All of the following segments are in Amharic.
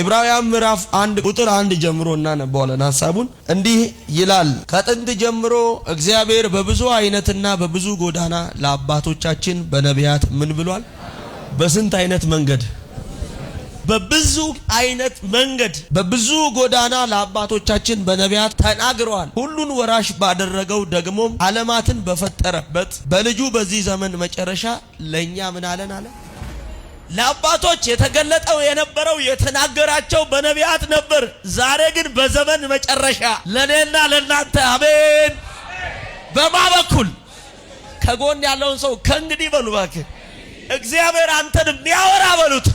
ዕብራውያን ምዕራፍ አንድ ቁጥር አንድ ጀምሮ ነበዋለን ሐሳቡን እንዲህ ይላል፣ ከጥንት ጀምሮ እግዚአብሔር በብዙ አይነትና በብዙ ጎዳና ለአባቶቻችን በነቢያት ምን ብሏል? በስንት አይነት መንገድ በብዙ አይነት መንገድ በብዙ ጎዳና ለአባቶቻችን በነቢያት ተናግረዋል። ሁሉን ወራሽ ባደረገው ደግሞም ዓለማትን በፈጠረበት በልጁ በዚህ ዘመን መጨረሻ ለእኛ ምን አለን አለ ለአባቶች የተገለጠው የነበረው የተናገራቸው በነቢያት ነበር። ዛሬ ግን በዘመን መጨረሻ ለእኔና ለእናንተ አሜን። በማ በኩል ከጎን ያለውን ሰው ከእንግዲህ በሉ እባክህ እግዚአብሔር አንተን የሚያወራ በሉት።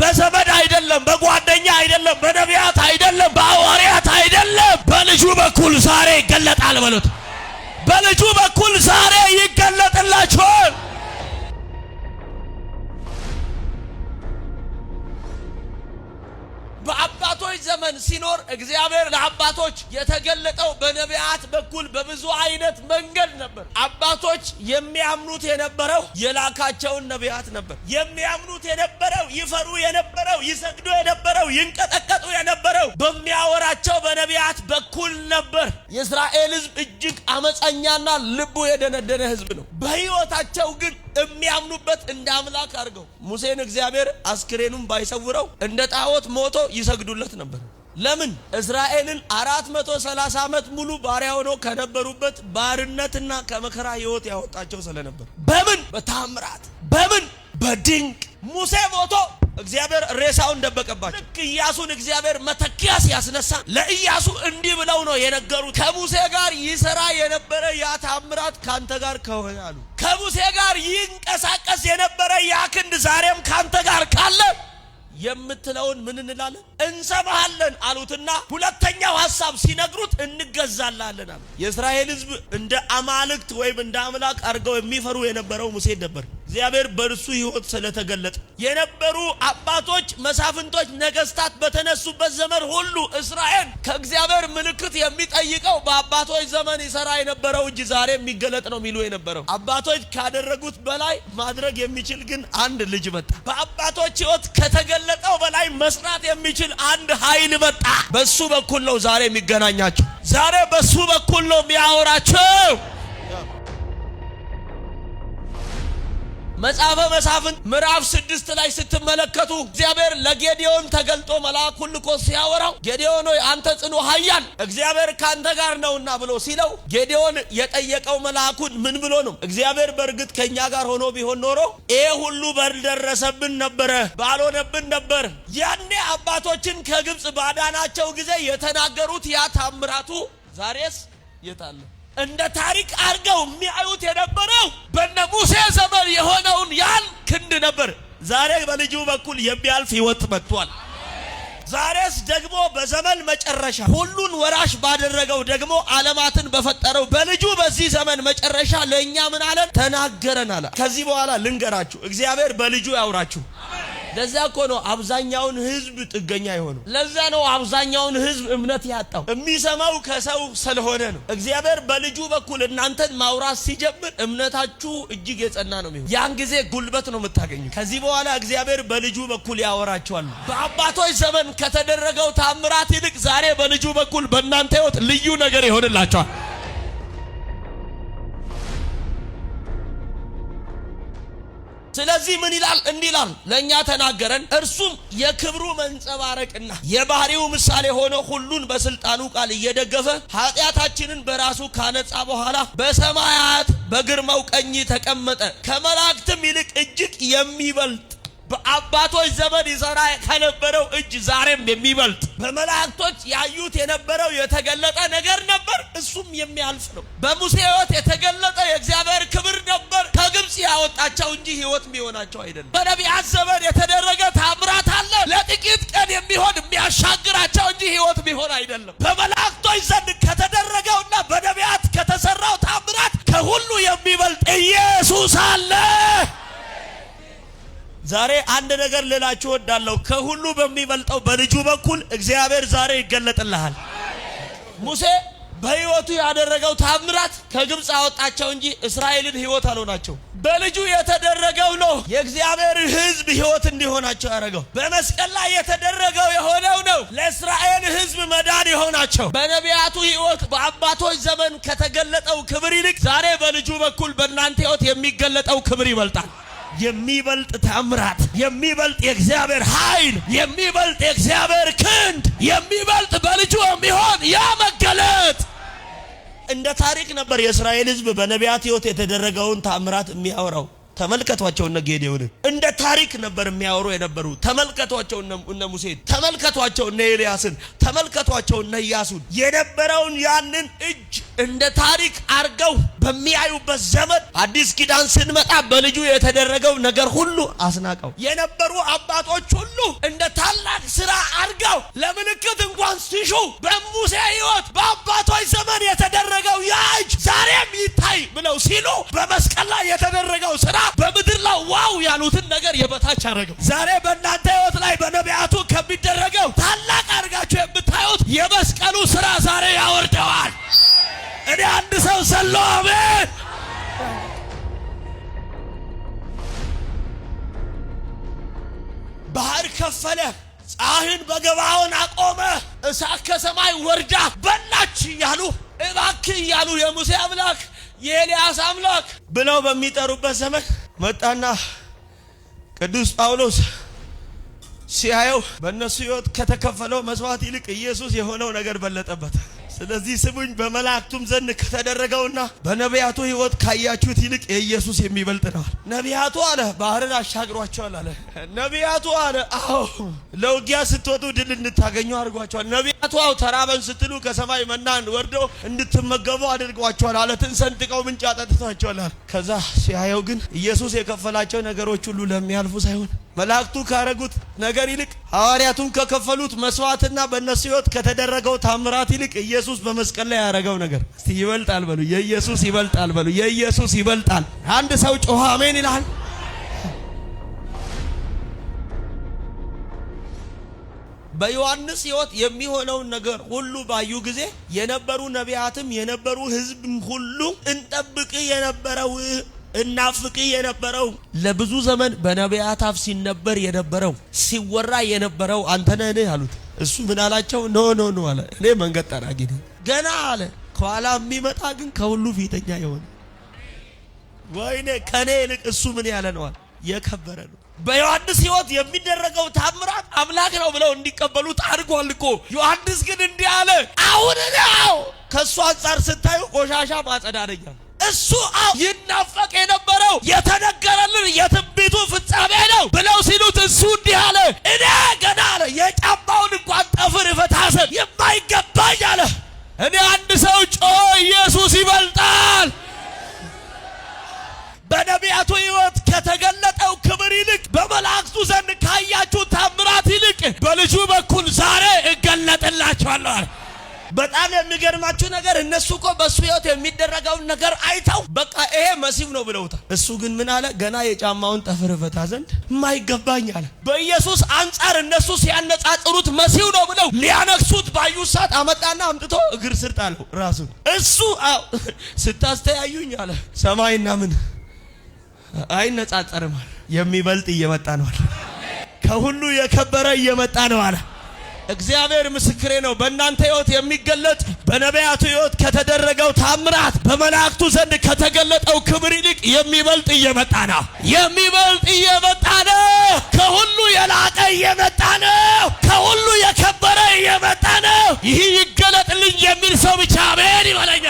በዘመድ አይደለም፣ በጓደኛ አይደለም፣ በነቢያት አይደለም፣ በአዋርያት አይደለም፣ በልጁ በኩል ዛሬ ይገለጣል በሉት። በልጁ በኩል ዛሬ ይገለጥላችኋል። በአባቶች ዘመን ሲኖር እግዚአብሔር ለአባቶች የተገለጠው በነቢያት በኩል በብዙ አይነት መንገድ ነበር። አባቶች የሚያምኑት የነበረው የላካቸውን ነቢያት ነበር። የሚያምኑት የነበረው ይፈሩ የነበረው ይሰግዱ የነበረው ይንቀጠቀጡ የነበረው በሚያወራቸው በነቢያት በኩል ነበር። የእስራኤል ሕዝብ እጅግ አመፀኛና ልቡ የደነደነ ሕዝብ ነው። በሕይወታቸው ግን የሚያምኑበት እንደ አምላክ አድርገው ሙሴን እግዚአብሔር አስክሬኑን ባይሰውረው እንደ ጣዖት ሞቶ ይሰግዱለት ነበር። ለምን እስራኤልን አራት መቶ ሰላሳ ዓመት ሙሉ ባሪያ ሆነው ከነበሩበት ባርነትና ከመከራ ህይወት ያወጣቸው ስለነበር። በምን በታምራት በምን በድንቅ ሙሴ ሞቶ እግዚአብሔር ሬሳውን ደበቀባቸው። ልክ ኢያሱን እግዚአብሔር መተኪያ ሲያስነሳ ለኢያሱ እንዲህ ብለው ነው የነገሩት፣ ከሙሴ ጋር ይሰራ የነበረ ያ ታምራት ካንተ ጋር ከሆነ አሉ። ከሙሴ ጋር ይንቀሳቀስ የነበረ ያ ክንድ ዛሬም ካንተ ጋር ካለ የምትለውን ምን እንላለን? እንሰማሃለን አሉትና ሁለተኛው ሀሳብ ሲነግሩት እንገዛላለን አሉ። የእስራኤል ሕዝብ እንደ አማልክት ወይም እንደ አምላክ አድርገው የሚፈሩ የነበረው ሙሴ ነበር። እግዚአብሔር በእርሱ ህይወት ስለተገለጠ የነበሩ አባቶች፣ መሳፍንቶች፣ ነገስታት በተነሱበት ዘመን ሁሉ እስራኤል ከእግዚአብሔር ምልክት የሚጠይቀው በአባቶች ዘመን ይሰራ የነበረው እጅ ዛሬ የሚገለጥ ነው የሚሉ የነበረው አባቶች ካደረጉት በላይ ማድረግ የሚችል ግን አንድ ልጅ መጣ። በአባቶች ህይወት ከተገለጠው በላይ መስራት የሚችል አንድ ኃይል መጣ። በሱ በኩል ነው ዛሬ የሚገናኛቸው። ዛሬ በሱ በኩል ነው የሚያወራቸው። መጽሐፈ መሳፍንት ምዕራፍ ስድስት ላይ ስትመለከቱ እግዚአብሔር ለጌዲዮን ተገልጦ መልአኩን ልኮ ሲያወራው ጌዲዮን ሆይ አንተ ጽኑ ኃያል እግዚአብሔር ከአንተ ጋር ነውና ብሎ ሲለው ጌዲዮን የጠየቀው መልአኩን ምን ብሎ ነው? እግዚአብሔር በእርግጥ ከእኛ ጋር ሆኖ ቢሆን ኖሮ ይህ ሁሉ ባልደረሰብን ነበረ፣ ባልሆነብን ነበር። ያኔ አባቶችን ከግብፅ ባዳናቸው ጊዜ የተናገሩት ያ ታምራቱ ዛሬስ የታለ? እንደ ታሪክ አድርገው የሚያዩት የነበረው በነ ሙሴ ወንድ ነበር፣ ዛሬ በልጁ በኩል የሚያልፍ ህይወት መጥቷል። ዛሬስ ደግሞ በዘመን መጨረሻ ሁሉን ወራሽ ባደረገው ደግሞ ዓለማትን በፈጠረው በልጁ በዚህ ዘመን መጨረሻ ለእኛ ምን አለን? ተናገረን አለ። ከዚህ በኋላ ልንገራችሁ፣ እግዚአብሔር በልጁ ያውራችሁ። ለዛ እኮ ነው አብዛኛውን ህዝብ ጥገኛ የሆነው። ለዛ ነው አብዛኛውን ህዝብ እምነት ያጣው። የሚሰማው ከሰው ስለሆነ ነው። እግዚአብሔር በልጁ በኩል እናንተን ማውራት ሲጀምር እምነታችሁ እጅግ የጸና ነው የሚሆን። ያን ጊዜ ጉልበት ነው የምታገኙ። ከዚህ በኋላ እግዚአብሔር በልጁ በኩል ያወራችኋል። በአባቶች ዘመን ከተደረገው ታምራት ይልቅ ዛሬ በልጁ በኩል በእናንተ ህይወት ልዩ ነገር ይሆንላቸዋል። ስለዚህ ምን ይላል? እንዲህ ይላል፣ ለእኛ ተናገረን። እርሱም የክብሩ መንጸባረቅና የባህሪው ምሳሌ ሆነ ሁሉን በስልጣኑ ቃል እየደገፈ ኃጢአታችንን በራሱ ካነጻ በኋላ በሰማያት በግርማው ቀኝ ተቀመጠ። ከመላእክትም ይልቅ እጅግ የሚበልጥ በአባቶች ዘመን ይሰራ ከነበረው እጅ ዛሬም የሚበልጥ በመላእክቶች ያዩት የነበረው የተገለጠ ነገር ነበር፣ እሱም የሚያልፍ ነው። በሙሴ ሕይወት የተገለጠ የእግዚአብሔር ክብር ነበር፣ ከግብፅ ያወጣቸው እንጂ ሕይወት የሚሆናቸው አይደለም። በነቢያት ዘመን የተደረገ ታምራት አለ፣ ለጥቂት ቀን የሚሆን የሚያሻግራቸው እንጂ ሕይወት የሚሆን አይደለም። በመላእክቶች ዘንድ ከተደረገውና በነቢያት ከተሰራው ታምራት ከሁሉ የሚበልጥ ኢየሱስ አለ። ዛሬ አንድ ነገር ልላችሁ እወዳለሁ። ከሁሉ በሚበልጠው በልጁ በኩል እግዚአብሔር ዛሬ ይገለጥልሃል። ሙሴ በሕይወቱ ያደረገው ታምራት ከግብፅ አወጣቸው እንጂ እስራኤልን ሕይወት አልሆናቸው። በልጁ የተደረገው ነው የእግዚአብሔር ሕዝብ ሕይወት እንዲሆናቸው ያደረገው። በመስቀል ላይ የተደረገው የሆነው ነው ለእስራኤል ሕዝብ መዳን የሆናቸው። በነቢያቱ ሕይወት በአባቶች ዘመን ከተገለጠው ክብር ይልቅ ዛሬ በልጁ በኩል በእናንተ ሕይወት የሚገለጠው ክብር ይበልጣል። የሚበልጥ ታምራት፣ የሚበልጥ የእግዚአብሔር ኃይል፣ የሚበልጥ የእግዚአብሔር ክንድ፣ የሚበልጥ በልጁ የሚሆን ያ መገለጥ እንደ ታሪክ ነበር የእስራኤል ሕዝብ በነቢያት ሕይወት የተደረገውን ታምራት የሚያወራው። ተመልከቷቸው እነ ጌዴዎን እንደ ታሪክ ነበር የሚያወሩ የነበሩ። ተመልከቷቸው እነ ሙሴን፣ ተመልከቷቸው እነ ኤልያስን፣ ተመልከቷቸው እነ ኢያሱን የነበረውን ያንን እጅ እንደ ታሪክ አርገው በሚያዩበት ዘመን አዲስ ኪዳን ስንመጣ በልጁ የተደረገው ነገር ሁሉ አስናቀው። የነበሩ አባቶች ሁሉ እንደ ታላቅ ስራ አርገው ለምልክት እንኳን ሲሹ በሙሴ ህይወት በአባቶች ዘመን የተደረገው ያ ላይ ብለው ሲሉ በመስቀል ላይ የተደረገው ስራ በምድር ላይ ዋው ያሉትን ነገር የበታች አደረገው። ዛሬ በእናንተ ህይወት ላይ በነቢያቱ ከሚደረገው ታላቅ አድርጋችሁ የምታዩት የመስቀሉ ስራ ዛሬ ያወርደዋል። እኔ አንድ ሰው ሰሎ አሜን። ባህር ከፈለ፣ ፀሐይን በገባውን አቆመ፣ እሳት ከሰማይ ወርዳ በላች እያሉ እባክ እያሉ የሙሴ አምላክ የኤልያስ አምላክ ብለው በሚጠሩበት ዘመን መጣና ቅዱስ ጳውሎስ ሲያየው በእነሱ ሕይወት ከተከፈለው መስዋዕት ይልቅ ኢየሱስ የሆነው ነገር በለጠበት። ስለዚህ ስሙኝ፣ በመላእክቱም ዘንድ ከተደረገውና በነቢያቱ ሕይወት ካያችሁት ይልቅ የኢየሱስ የሚበልጥ ነው። ነቢያቱ አለ ባህርን አሻግሯቸዋል አለ። ነቢያቱ አለ አዎ ለውጊያ ስትወጡ ድል እንድታገኙ አድርጓቸዋል። ነቢያቱ አዎ ተራበን ስትሉ ከሰማይ መናን ወርደው እንድትመገቡ አድርጓቸዋል። አለ። ሰንጥቀው ምንጭ አጠጥቷቸዋል። ከዛ ሲያየው ግን ኢየሱስ የከፈላቸው ነገሮች ሁሉ ለሚያልፉ ሳይሆን መላእክቱ ካረጉት ነገር ይልቅ ሐዋርያቱን ከከፈሉት መስዋዕትና በእነሱ ሕይወት ከተደረገው ታምራት ይልቅ ኢየሱስ በመስቀል ላይ ያረገው ነገር እስቲ ይበልጣል በሉ። የኢየሱስ ይበልጣል በሉ። የኢየሱስ ይበልጣል። አንድ ሰው ጮኸ አሜን ይላል። በዮሐንስ ህይወት የሚሆነውን ነገር ሁሉ ባዩ ጊዜ የነበሩ ነቢያትም የነበሩ ህዝብም ሁሉ እንጠብቅ የነበረው እናፍቅ የነበረው ለብዙ ዘመን በነቢያት አፍ ሲነበር የነበረው ሲወራ የነበረው አንተ ነህ አሉት። እሱ ምን አላቸው? ኖ ኖ ኖ አለ። እኔ መንገድ ጠራጊ ነኝ ገና አለ። ከኋላ የሚመጣ ግን ከሁሉ ፊተኛ የሆነ ወይኔ ከእኔ ይልቅ እሱ ምን ያለ ነዋል የከበረ ነው። በዮሐንስ ሕይወት የሚደረገው ታምራት አምላክ ነው ብለው እንዲቀበሉት አድርጓል እኮ። ዮሐንስ ግን እንዲህ አለ፣ አሁን ነው ከእሱ አንጻር ስታዩ ቆሻሻ ማጸዳደኛል እሱ አው የትንቢቱ ፍጻሜ በጣም የሚገርማችሁ ነገር እነሱ እኮ በእሱ ህይወት የሚደረገውን ነገር አይተው በቃ ይሄ መሲሁ ነው ብለውታል። እሱ ግን ምን አለ? ገና የጫማውን ጠፍር ፈታ ዘንድ የማይገባኝ አለ። በኢየሱስ አንጻር እነሱ ሲያነጻጽሩት መሲሁ ነው ብለው ሊያነሱት ባዩ ሰዓት አመጣና አምጥቶ እግር ስር ጣለው ራሱን። እሱ ስታስተያዩኝ አለ ሰማይና ምን አይነጻጸርም አለ። የሚበልጥ እየመጣ ነው አለ። ከሁሉ የከበረ እየመጣ ነው አለ። እግዚአብሔር ምስክሬ ነው። በእናንተ ህይወት የሚገለጥ በነቢያቱ ህይወት ከተደረገው ታምራት በመላእክቱ ዘንድ ከተገለጠው ክብር ይልቅ የሚበልጥ እየመጣ ነው። የሚበልጥ እየመጣ ነው። ከሁሉ የላቀ እየመጣ ነው። ከሁሉ የከበረ እየመጣ ነው። ይህ ይገለጥልኝ የሚል ሰው ብቻ አሜን ይበለኛ።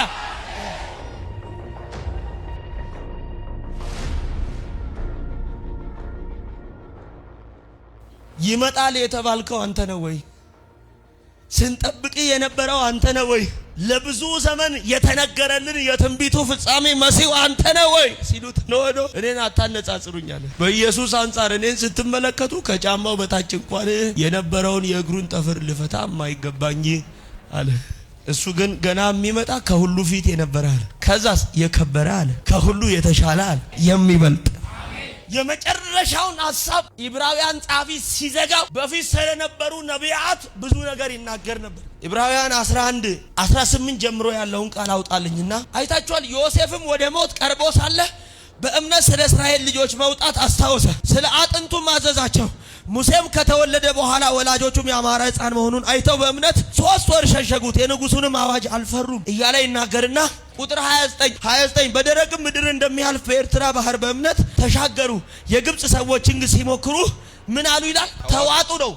ይመጣል የተባልከው አንተ ነው ወይ? ስንጠብቅ የነበረው አንተ ነህ ወይ? ለብዙ ዘመን የተነገረልን የትንቢቱ ፍጻሜ መሲሁ አንተ ነህ ወይ ሲሉት ነው ወዶ እኔን አታነጻጽሩኛል። በኢየሱስ አንጻር እኔን ስትመለከቱ ከጫማው በታች እንኳን የነበረውን የእግሩን ጠፍር ልፈታ የማይገባኝ አለ። እሱ ግን ገና የሚመጣ ከሁሉ ፊት የነበረ አለ። ከዛስ የከበረ አለ። ከሁሉ የተሻለ አለ። የሚበልጥ የመጨረሻውን ሀሳብ ኢብራውያን ጻፊ ሲዘጋው በፊት ስለነበሩ ነቢያት ብዙ ነገር ይናገር ነበር። ኢብራውያን 11 18 ጀምሮ ያለውን ቃል አውጣልኝና አይታችኋል። ዮሴፍም ወደ ሞት ቀርቦ ሳለ በእምነት ስለ እስራኤል ልጆች መውጣት አስታወሰ፣ ስለ አጥንቱ ማዘዛቸው። ሙሴም ከተወለደ በኋላ ወላጆቹም የአማራ ሕፃን መሆኑን አይተው በእምነት ሶስት ወር ሸሸጉት፣ የንጉሱንም አዋጅ አልፈሩም እያለ ይናገርና ቁጥር 29 29 በደረቅም ምድር እንደሚያልፍ በኤርትራ ባህር በእምነት ተሻገሩ። ሰዎች ሰዎችን ሲሞክሩ ምን አሉ ይላል? ተዋጡ ነው።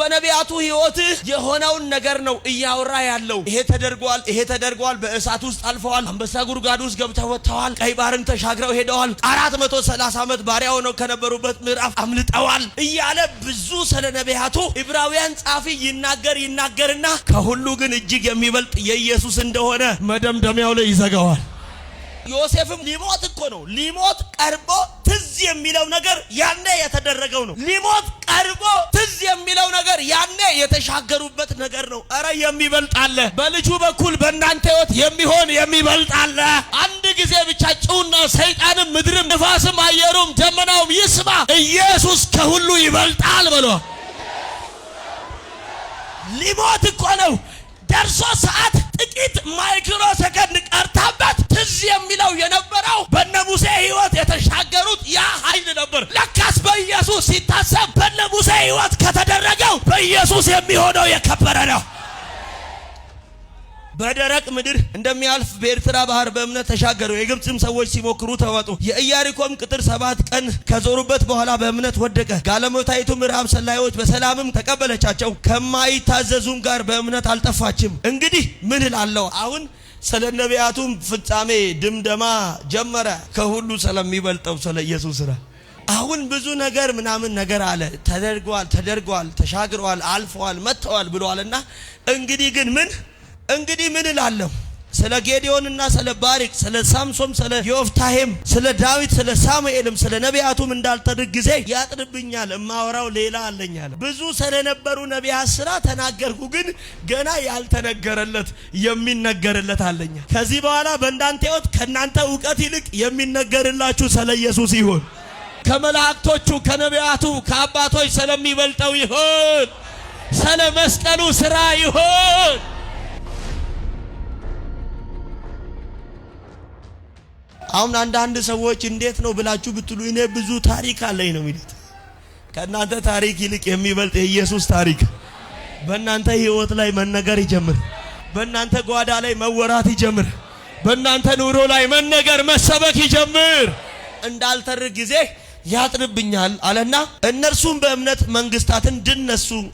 በነቢያቱ ህይወትህ የሆነውን ነገር ነው እያወራ ያለው። ይሄ ተደርጓል፣ ይሄ ተደርጓል። በእሳት ውስጥ አልፈዋል። አንበሳ ጉድጓድ ውስጥ ገብተው ወጥተዋል። ቀይ ባህርን ተሻግረው ሄደዋል። አራት መቶ ሰላሳ ዓመት ባሪያ ሆነው ከነበሩበት ምዕራፍ አምልጠዋል እያለ ብዙ ስለ ነቢያቱ ዕብራውያን ጻፊ ይናገር ይናገርና ከሁሉ ግን እጅግ የሚበልጥ የኢየሱስ እንደሆነ መደምደሚያው ላይ ይዘጋዋል። ዮሴፍም ሊሞት እኮ ነው። ሊሞት ቀርቦ ትዝ የሚለው ነገር ያኔ የተደረገው ነው። ሊሞት ቀርቦ ትዝ የሚለው ነገር ያኔ የተሻገሩበት ነገር ነው። እረ የሚበልጣለ በልጁ በኩል በእናንተ ሕይወት የሚሆን የሚበልጣለ። አንድ ጊዜ ብቻ ጭውና ሰይጣንም፣ ምድርም፣ ንፋስም፣ አየሩም፣ ደመናውም ይስማ ኢየሱስ ከሁሉ ይበልጣል ብሎ ሊሞት እኮ ነው ደርሶ ሰዓት የተሻገሩት ያ ኃይል ነበር። ለካስ በኢየሱስ ሲታሰብ በነ ሙሴ ሕይወት ከተደረገው በኢየሱስ የሚሆነው የከበረ ነው። በደረቅ ምድር እንደሚያልፍ በኤርትራ ባህር በእምነት ተሻገሩ። የግብፅም ሰዎች ሲሞክሩ ተወጡ። የኢያሪኮም ቅጥር ሰባት ቀን ከዞሩበት በኋላ በእምነት ወደቀ። ጋለሞታይቱም ረሃብ ሰላዮች በሰላምም ተቀበለቻቸው፣ ከማይታዘዙም ጋር በእምነት አልጠፋችም። እንግዲህ ምን እላለሁ አሁን ስለ ነቢያቱም ፍጻሜ ድምደማ ጀመረ፣ ከሁሉ ስለሚበልጠው ስለ ኢየሱስ ስራ አሁን ብዙ ነገር ምናምን ነገር አለ። ተደርጓል፣ ተደርጓል፣ ተሻግረዋል፣ አልፈዋል፣ መጥተዋል ብለዋልና እንግዲህ ግን ምን እንግዲህ ምን እላለሁ? ስለ ጌዲዮንና ስለ ባሪቅ፣ ስለ ሳምሶም፣ ስለ ዮፍታሄም፣ ስለ ዳዊት፣ ስለ ሳሙኤልም፣ ስለ ነቢያቱም እንዳልተድግ ጊዜ ያጥርብኛል፣ እማወራው ሌላ አለኛል። ብዙ ስለነበሩ ነቢያት ስራ ተናገርኩ፣ ግን ገና ያልተነገረለት የሚነገርለት አለኛል። ከዚህ በኋላ በእንዳንተ ሕይወት ከእናንተ እውቀት ይልቅ የሚነገርላችሁ ስለ ኢየሱስ ይሁን። ከመላእክቶቹ ከነቢያቱ ከአባቶች ስለሚበልጠው ይሁን። ስለ መስቀሉ ስራ ይሁን። አሁን አንዳንድ ሰዎች እንዴት ነው ብላችሁ ብትሉ እኔ ብዙ ታሪክ አለኝ ነው የሚሉት። ከእናንተ ታሪክ ይልቅ የሚበልጥ የኢየሱስ ታሪክ በእናንተ ህይወት ላይ መነገር ይጀምር። በእናንተ ጓዳ ላይ መወራት ይጀምር። በእናንተ ኑሮ ላይ መነገር መሰበክ ይጀምር። እንዳልተርክ ጊዜ ያጥንብኛል አለና እነርሱም በእምነት መንግስታትን ድል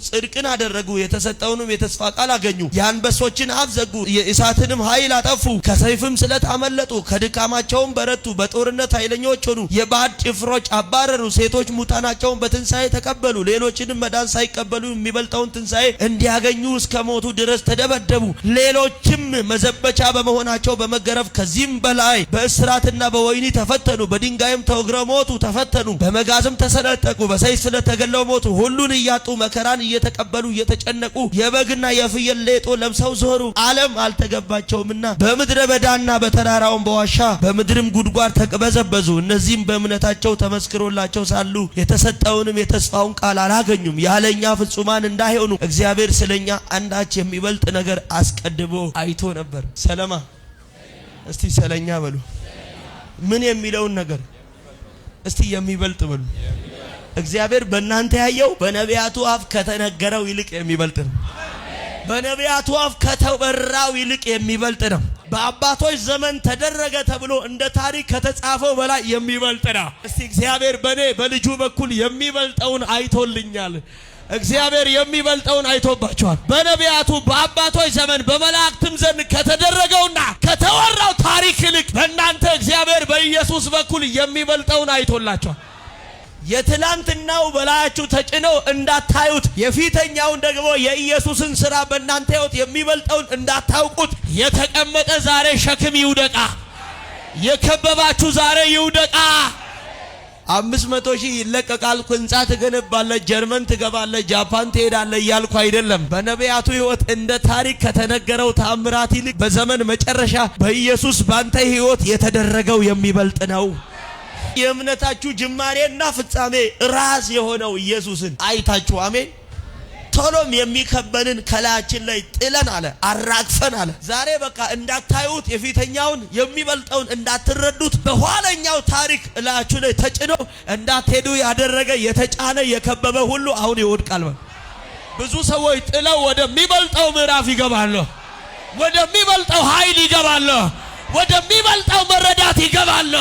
ጽድቅን አደረጉ፣ የተሰጠውንም የተስፋ ቃል አገኙ። የአንበሶችን አፍ ዘጉ፣ የእሳትንም ኃይል አጠፉ፣ ከሰይፍም ስለት አመለጡ፣ ከድካማቸውም በረቱ፣ በጦርነት ኃይለኞች ሆኑ፣ የባዕድ ጭፍሮች አባረሩ። ሴቶች ሙታናቸውን በትንሣኤ ተቀበሉ፣ ሌሎችንም መዳን ሳይቀበሉ የሚበልጠውን ትንሣኤ እንዲያገኙ እስከ ሞቱ ድረስ ተደበደቡ። ሌሎችም መዘበቻ በመሆናቸው በመገረፍ ከዚህም በላይ በእስራትና በወይኒ ተፈተኑ፣ በድንጋይም ተወግረው ሞቱ ተፈተኑ። ተበተኑ፣ በመጋዝም ተሰነጠቁ፣ በሰይፍ ስለተገለው ሞቱ። ሁሉን እያጡ መከራን እየተቀበሉ እየተጨነቁ የበግና የፍየል ሌጦ ለብሰው ዞሩ። ዓለም አልተገባቸውምና በምድረ በዳና በተራራውን በዋሻ በምድርም ጉድጓድ ተቅበዘበዙ። እነዚህም በእምነታቸው ተመስክሮላቸው ሳሉ የተሰጠውንም የተስፋውን ቃል አላገኙም። ያለኛ ፍጹማን እንዳይሆኑ እግዚአብሔር ስለኛ አንዳች የሚበልጥ ነገር አስቀድሞ አይቶ ነበር። ሰለማ እስቲ ሰለኛ በሉ ምን የሚለውን ነገር እስቲ የሚበልጥ ብሉ። እግዚአብሔር በእናንተ ያየው በነቢያቱ አፍ ከተነገረው ይልቅ የሚበልጥ ነው። በነቢያቱ አፍ ከተበራው ይልቅ የሚበልጥ ነው። በአባቶች ዘመን ተደረገ ተብሎ እንደ ታሪክ ከተጻፈው በላይ የሚበልጥ ነው። እስቲ እግዚአብሔር በእኔ በልጁ በኩል የሚበልጠውን አይቶልኛል። እግዚአብሔር የሚበልጠውን አይቶባቸዋል። በነቢያቱ በአባቶች ዘመን በመላእክትም ዘንድ ከተደረገውና ከተወራው ታሪክ ይልቅ በእናንተ እግዚአብሔር በኢየሱስ በኩል የሚበልጠውን አይቶላቸዋል። የትላንትናው በላያችሁ ተጭነው እንዳታዩት የፊተኛውን ደግሞ የኢየሱስን ስራ በእናንተ ሕይወት የሚበልጠውን እንዳታውቁት የተቀመጠ ዛሬ ሸክም ይውደቃ። የከበባችሁ ዛሬ ይውደቃ። አምስት መቶ ሺህ ይለቀቃል፣ ህንፃ ትገነባለህ፣ ጀርመን ትገባለህ፣ ጃፓን ትሄዳለህ እያልኩ አይደለም። በነቢያቱ ህይወት እንደ ታሪክ ከተነገረው ታምራት ይልቅ በዘመን መጨረሻ በኢየሱስ ባንተ ህይወት የተደረገው የሚበልጥ ነው። የእምነታችሁ ጅማሬና ፍጻሜ ራስ የሆነው ኢየሱስን አይታችሁ አሜን ቶሎም የሚከበንን ከላያችን ላይ ጥለን አለ አራግፈን አለ ዛሬ በቃ እንዳታዩት የፊተኛውን የሚበልጠውን እንዳትረዱት በኋለኛው ታሪክ እላችሁ ላይ ተጭኖ እንዳትሄዱ ያደረገ የተጫነ የከበበ ሁሉ አሁን ይወድቃል። ብዙ ሰዎች ጥለው ወደሚበልጠው ምዕራፍ ይገባሉ። ወደሚበልጠው ኃይል ይገባሉ። ወደሚበልጠው መረዳት ይገባሉ።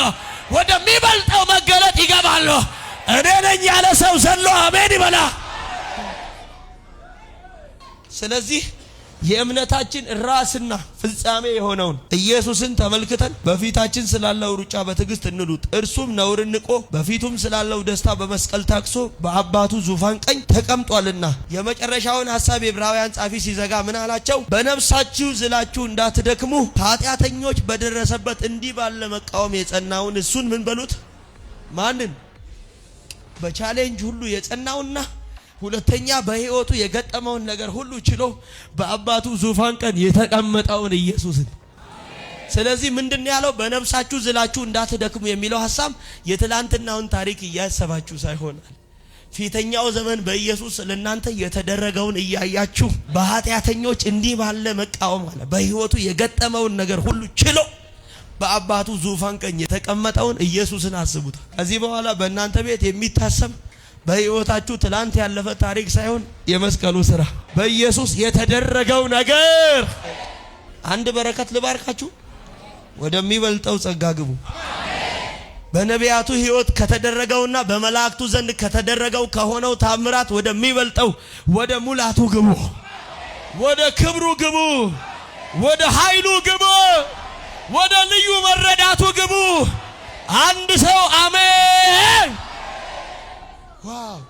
ወደሚበልጠው መገለጥ ይገባሉ። እኔ ነኝ ያለ ሰው ዘሎ አሜን ይበላ። ስለዚህ የእምነታችን ራስና ፍጻሜ የሆነውን ኢየሱስን ተመልክተን በፊታችን ስላለው ሩጫ በትዕግስት እንሉት። እርሱም ነውርን ንቆ በፊቱም ስላለው ደስታ በመስቀል ታቅሶ በአባቱ ዙፋን ቀኝ ተቀምጧልና። የመጨረሻውን ሐሳብ የዕብራውያን ጻፊ ሲዘጋ ምን አላቸው? በነፍሳችሁ ዝላችሁ እንዳትደክሙ ኃጢአተኞች በደረሰበት እንዲህ ባለ መቃወም የጸናውን እሱን ምን በሉት? ማንን? በቻሌንጅ ሁሉ የጸናውና ሁለተኛ በህይወቱ የገጠመውን ነገር ሁሉ ችሎ በአባቱ ዙፋን ቀን የተቀመጠውን ኢየሱስን። ስለዚህ ምንድን ያለው በነፍሳችሁ ዝላችሁ እንዳትደክሙ የሚለው ሐሳብ የትላንትናውን ታሪክ እያሰባችሁ ሳይሆናል ፊተኛው ዘመን በኢየሱስ ለእናንተ የተደረገውን እያያችሁ በኃጢአተኞች እንዲህ ባለ መቃወም አለ። በህይወቱ የገጠመውን ነገር ሁሉ ችሎ በአባቱ ዙፋን ቀኝ የተቀመጠውን ኢየሱስን አስቡት። ከዚህ በኋላ በእናንተ ቤት የሚታሰብ በህይወታችሁ ትላንት ያለፈ ታሪክ ሳይሆን የመስቀሉ ስራ በኢየሱስ የተደረገው ነገር። አንድ በረከት ልባርካችሁ፣ ወደሚበልጠው ጸጋ ግቡ። በነቢያቱ ህይወት ከተደረገውና በመላእክቱ ዘንድ ከተደረገው ከሆነው ታምራት ወደሚበልጠው ወደ ሙላቱ ግቡ፣ ወደ ክብሩ ግቡ፣ ወደ ኃይሉ ግቡ፣ ወደ ልዩ መረዳቱ ግቡ። አንድ ሰው አሜን Wow.